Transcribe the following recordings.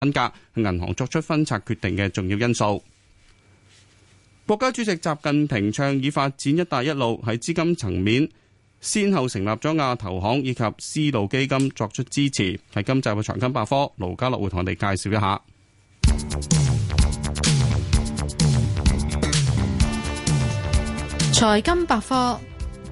品分隔係銀行作出分拆決定嘅重要因素。國家主席習近平倡議發展“一帶一路”，喺資金層面先後成立咗亞投行以及絲路基金，作出支持。喺今集嘅財金百科，盧家樂會同我哋介紹一下財金百科。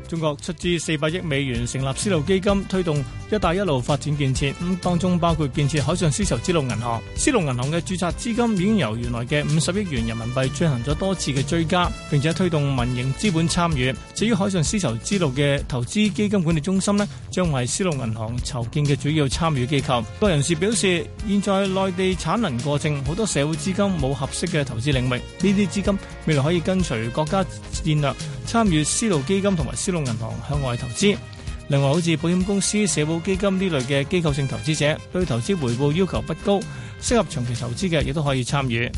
中國出資四百億美元成立絲路基金，推動。“一帶一路”發展建設，咁當中包括建設海上絲綢之路銀行。絲路銀行嘅註冊資金已經由原來嘅五十億元人民幣進行咗多次嘅追加，並且推動民營資本參與。至於海上絲綢之路嘅投資基金管理中心咧，將為絲路銀行籌建嘅主要參與機構。多人士表示，現在內地產能過剩，好多社會資金冇合適嘅投資領域，呢啲資金未來可以跟隨國家戰略，參與絲路基金同埋絲路銀行向外投資。另外，好似保險公司、社保基金呢類嘅機構性投資者，對投資回報要求不高，適合長期投資嘅，亦都可以參與。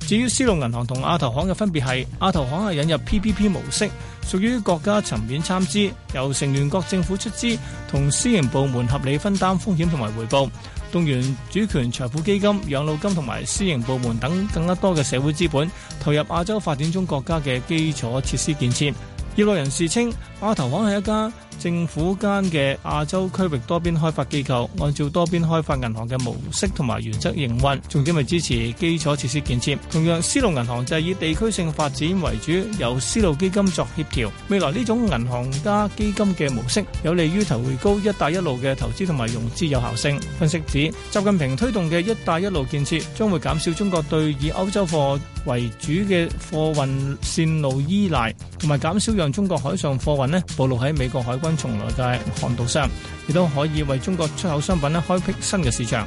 至於絲路銀行同亞投行嘅分別，係亞投行係引入 PPP 模式，屬於國家層面參資，由成員國政府出資同私營部門合理分擔風險同埋回報，動員主權財富基金、養老金同埋私營部門等更加多嘅社會資本，投入亞洲發展中國家嘅基礎設施建設。業內人士稱亞投行係一家。政府間嘅亞洲區域多邊開發機構，按照多邊開發銀行嘅模式同埋原則營運，重點係支持基礎設施建設。同樣，絲路銀行就係以地區性發展為主，由絲路基金作協調。未來呢種銀行加基金嘅模式，有利於提高一帶一路嘅投資同埋融資有效性。分析指，習近平推動嘅一帶一路建設，將會減少中國對以歐洲貨為主嘅貨運線路依賴，同埋減少讓中國海上貨運呢暴露喺美國海軍。從來就係航道商，亦都可以為中國出口商品咧開闢新嘅市場。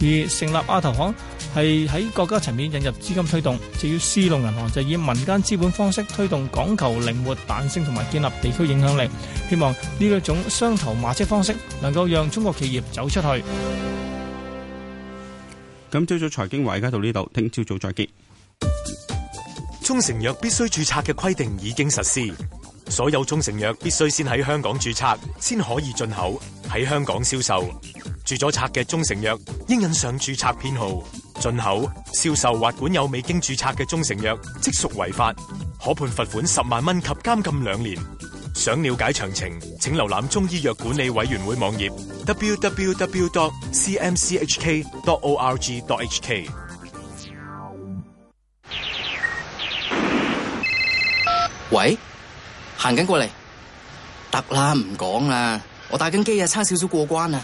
而成立亞投行係喺國家層面引入資金推動，至於絲路銀行就以民間資本方式推動，講求靈活彈性同埋建立地區影響力。希望呢一種雙頭馬車方式能夠讓中國企業走出去。咁朝早財經華爾街到呢度，聽朝早再見。中成藥必須注冊嘅規定已經實施。所有中成藥必須先喺香港注冊，先可以進口喺香港銷售。注咗冊嘅中成藥應印上注冊編號。進口、銷售或管有未經注冊嘅中成藥，即屬違法，可判罰款十萬蚊及監禁兩年。想了解詳情，請瀏覽中醫藥管理委員會網頁：www.cmchk.org.hk。喂？行緊過嚟，得啦，唔講啦，我帶緊機啊，差少少過關啊。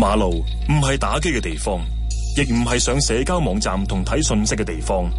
馬路唔係打機嘅地方，亦唔係上社交網站同睇信息嘅地方。